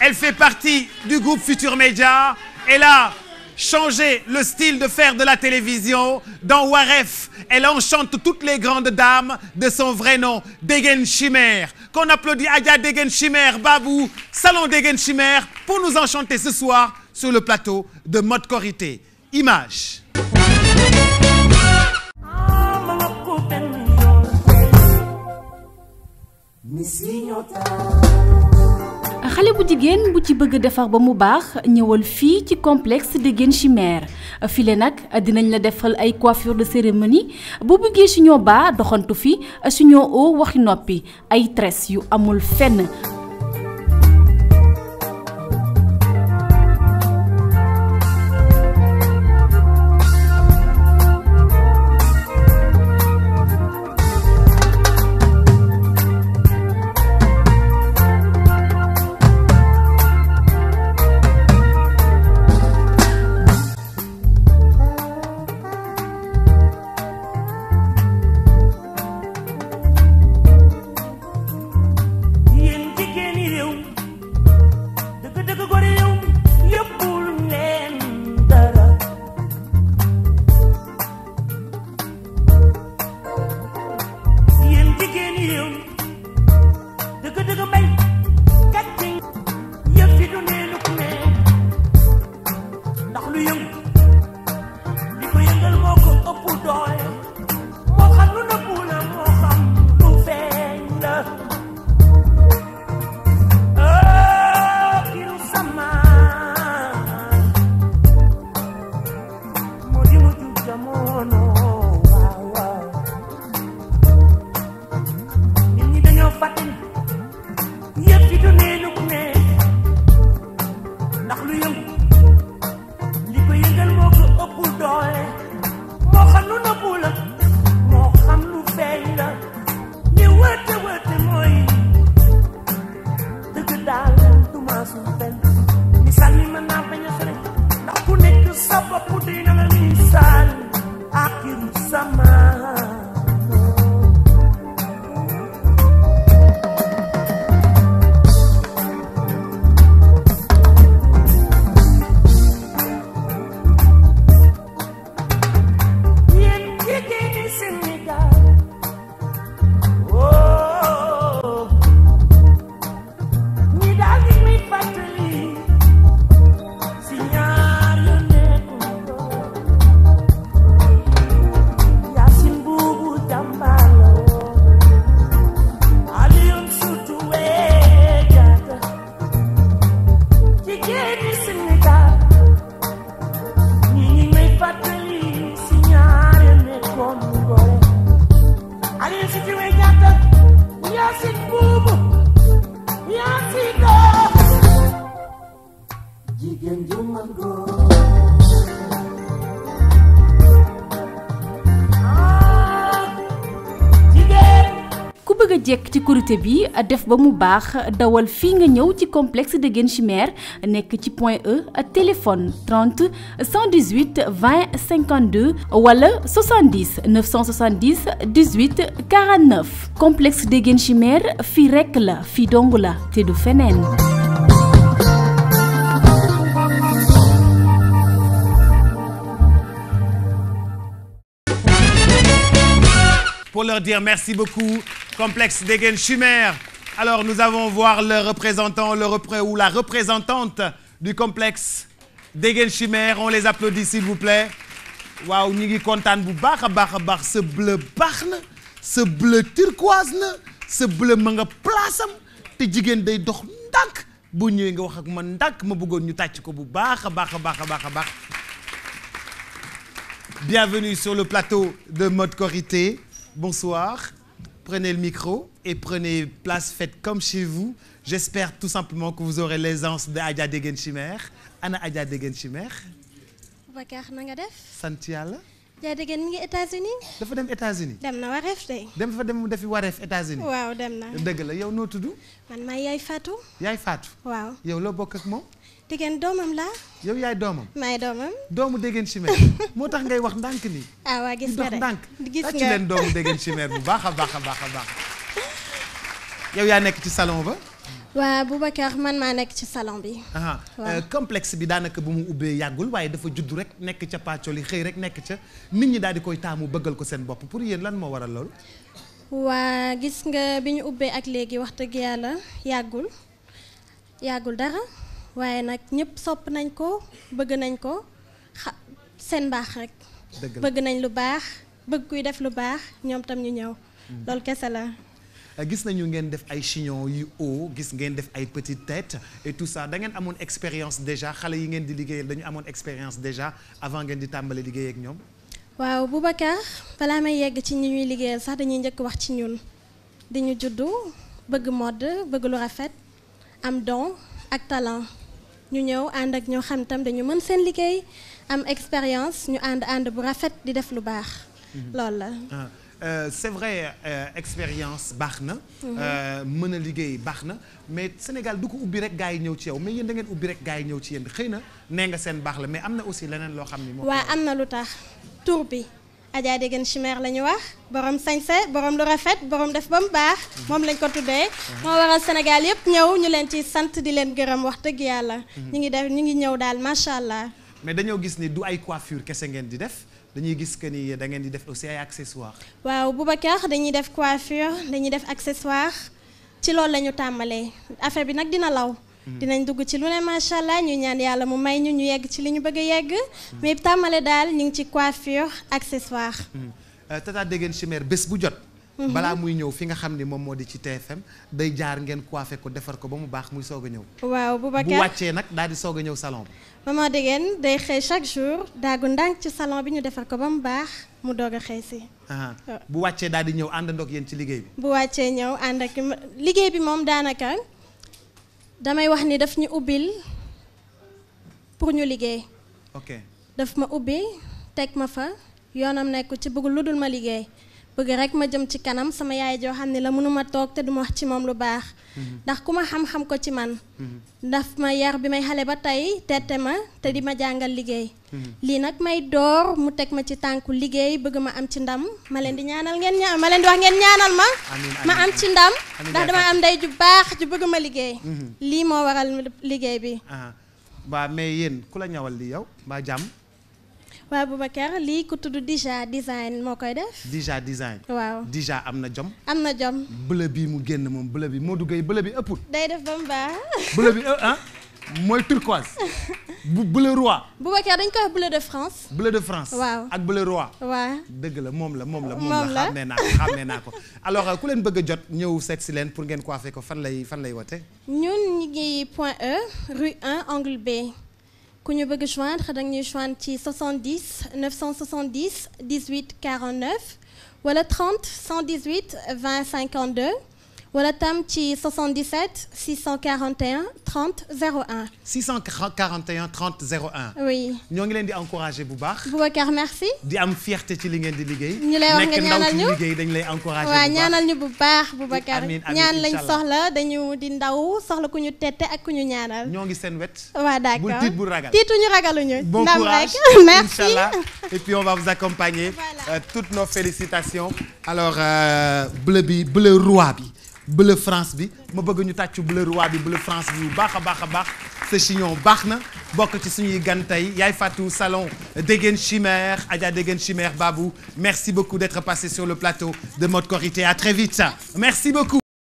Elle fait partie du groupe Futur Média. Elle a changé le style de faire de la télévision. Dans Waref, elle enchante toutes les grandes dames de son vrai nom, Degen Chimère. Qu'on applaudit Adia Degen Chimère, Babou, Salon Degen Chimère, pour nous enchanter ce soir sur le plateau de Mode Korité. Image. xale bu jigéen bu ci bëgg defar ba mu baax ñëwal fii ci complexe Déguène Chimère file nag dinañ la defal ay coiffure de cérémonie bu bëggee chignon bas doxantu fi chignon haut waxi noppi ay tresses yu amul fenn daal duma su fen mi mën naa bañ a sore ku nekk sa bopp dina la misaal akiru sama jekk ci korité bi def ba mu baax dawal fii nga ñëw ci complexe de Guén Chimère nekk ci point E téléphone 30 118 20 52 wala 70 970 18 49 complexe de Guén Chimère fii rekk la fii dong la te du feneen. complexe d'Éguen-Chimère. Alors nous allons voir le représentant le repré ou la représentante du complexe d'Éguen-Chimère. On les applaudit s'il vous plaît. waaw ñu ngi kontaan bu baax a baax a baax ce bleu baax na ce bleu turquoise na ce bleu ma nga place am te jigéen day dox ndànk bu ñëwee nga wax ak man ndànk ma bëggoon ñu tàcc ko bu baax a baax a baax a baax a baax. Bienvenue sur le plateau de Mode Korité. Bonsoir. prenez le micro et prenez place, faites comme chez vous. J'espère tout simplement que vous aurez l'aisance de Adja Degen Chimère. ana Adja Degen Chimère. Boubacar na nga def. sant yàlla. Ndiaye dégg ngeen mi ngi États-Unis dafa dem États-Unis dem na wareef tey. dem fa dem mu defi wareef États-Unis waaw dem na dëgg la yow noo tudd. man maay yaay Fatou. yaay Fatou. waaw yow loo bokk ak moom. dégg doomam la yow yaay doomam. maay doomam. doomu dégg chimère moo tax ngay wax ndànk nii. ah waa gis nga de ndànk. gis nga ci leen doomu dégg chimère bu baax a baax a baax a baax. yow yaa nekk ci salon ba. waa Boubacar man maa nekk ci salon bi. waaw euh, complexe bi daanaka bu mu ubbee yàggul waaye dafa judd rek nekk ca pàccoli xëy rek nekk ca nit ñi daal di koy taamu bëggal ko seen bopp pour yéen lan moo waral loolu. waa gis nga bi ñu ubbee ak léegi wax dëgg yàlla yàggul yàggul dara waaye nag ñëpp sopp nañ ko bëgg nañ ko seen baax rek. bëgg nañ lu baax bëgg kuy def lu baax ñoom tam ñu ñëw. Hmm. loolu kese la. Euh, gis nañu ngeen def ay chignon yu haut gis ngeen def ay petites têtes et tout ça da ngeen amoon expérience déjà xale yi ngeen di liggéeyal dañu amoon expérience déjà avant ngeen di tàmbali liggéey ak ñoom. waaw Boubacar balaa may yegg ci ñi ñuy liggéeyal sax dañuy njëkk wax ci ñun dañu juddu bëgg mode bëgg lu rafet am don ak talan ñu ñëw ànd ak ñoo xam tam dañu mën seen liggéey am expérience ñu ànd ànd bu rafet di def lu baax. Mhm. loolu Euh, c'est vrai euh, expérience baax na. Mhm. Euh, mën a liggéey baax na mais Sénégal du ko ubbi rek gaa yi ñëw ci yow mais yéen da ngeen ubbi rek gaa yi ñëw ci yéen xëy na nee nga seen baax la mais am na aussi leneen loo xam ni moom. am na lu tax tur bi. Adja Degen Chimère la ñu wax borom sañse borom lu rafet borom def ba mu baax moom lañ ko tuddee mhm. moo waral Sénégal yëpp ñëw ñu leen ci sant di leen gërëm wax dëgg yàlla. Mhm. ñu ngi def ñu ngi ñëw daal macha allah. mais dañoo gis ni du ay coiffure kese ngeen di def. dañuy gis que ni da ngeen di def aussi ay accessoires. waaw Boubacar dañuy def coiffure dañuy def accessoire ci loolu la ñu tàmbalee affaire bi nag dina law. Hmm. dinañ dugg ci lu ne macha allah ñu ñaan yàlla mu may ñu ñu yegg ci li ñu bëgg a yegg. Hmm. mais tàmbale daal ñu ngi ci coiffure accessoire. Hmm. Euh, Tata Déguène Chimère bés bu jot. Mhm. balaa muy ñëw fi nga xam ni moom moo di ci TFM day jaar ngeen coiffé ko defar ko ba mu baax muy soog a ñëw waaw Boubacar bu wàccee nag daal di soog a ñëw salon bi maman Degene day xëy chaque jour daagu ndànk ci salon bi ñu defar ko ba mu baax mu doog a xëy si oh. bu wàccee daal di ñëw àndandoo ak yéen ci liggéey bi bu wàccee ñëw ànd ak liggéey bi moom daanaka damay wax ni daf ñu ubbil pour ñu liggéey ok daf ma ubbi teg ma fa yoonam nekku ci bëgg lu dul ma liggéey bëgg rek ma jëm ci kanam sama yaay joo xam ne la mënuma toog te duma wax ci moom lu baax mhm. ndax ku ma xam-xam ko ci man mhm. daf ma yar bi may xale ba tey tete ma te di ma jàngal liggéey mhm. lii nag may door mu teg ma ci tànku liggéey bëgg ma am ci ndam ma leen di ñaanal ngeen ña ma leen di wax ngeen ñaanal ma ma am ci ndam ndax dama am ndey ju baax ju bëgg ma liggéey lii moo waral liggéey bi ah, waa mais yéen ku la ñawal li yow mbaa jàmm waaw Boubacar lii ku tudd Dija design moo koy def. Dija design. waaw Dija am na jom. am na jom. bële bii mu génn moom bële bi moo duggee bële bi ëppul. day def ba mu baax. bële bi ah mooy turquoise. bu bleu roi. Boubacar dañ koy wax bleu de France. bleu de France. waaw ak bleu roi. waaw dëgg la moom la moom la. moom la xàmmee naa ko xàmmee naa ko. alors euh, ku leen bëgg jot ñëw seet si leen pour ngeen coiffé ko fan lay fan lay wote. ñun ñu ngi point E rue 1 angle B. ku ñu bëgg joindre da ñuy joindre ci 70 970 18 49 wala 30 118 20 52 wala tam ci 77 641 30 01. 641 30 01. oui ñoo ngi leen di encouragé bu baax. Boubacar merci. di am fierté ci li ngeen di liggéey. ñu lay wax nga ñaanal ñu liggéey dañu lay encouragé bu baax waaw ñaanal ñu bu baax Boubacar. ñaan lañ soxla dañu di ndaw soxla ku ñu tette ak ku ñu ñaanal. ñoo ngi seen wet. waaw d'accord bul tiit bul ragal. tiituñu ragaluñu. bon courage merci inchallah et puis on va vous accompagner. voilà euh, toutes nos félicitations. alors euh, bleu bi bleu roi bi. bleu France bi ma bëgg ñu tàccu bleu roi bi bleu France bi baax a baax a baax sa chignon baax na bokk ci suñuy gan tey yaay Fatou salon Déguène Chimère Adja Déguène Chimère Babou merci beaucoup d'être passé sur le plateau de Mode Korité à très vite ça merci beaucoup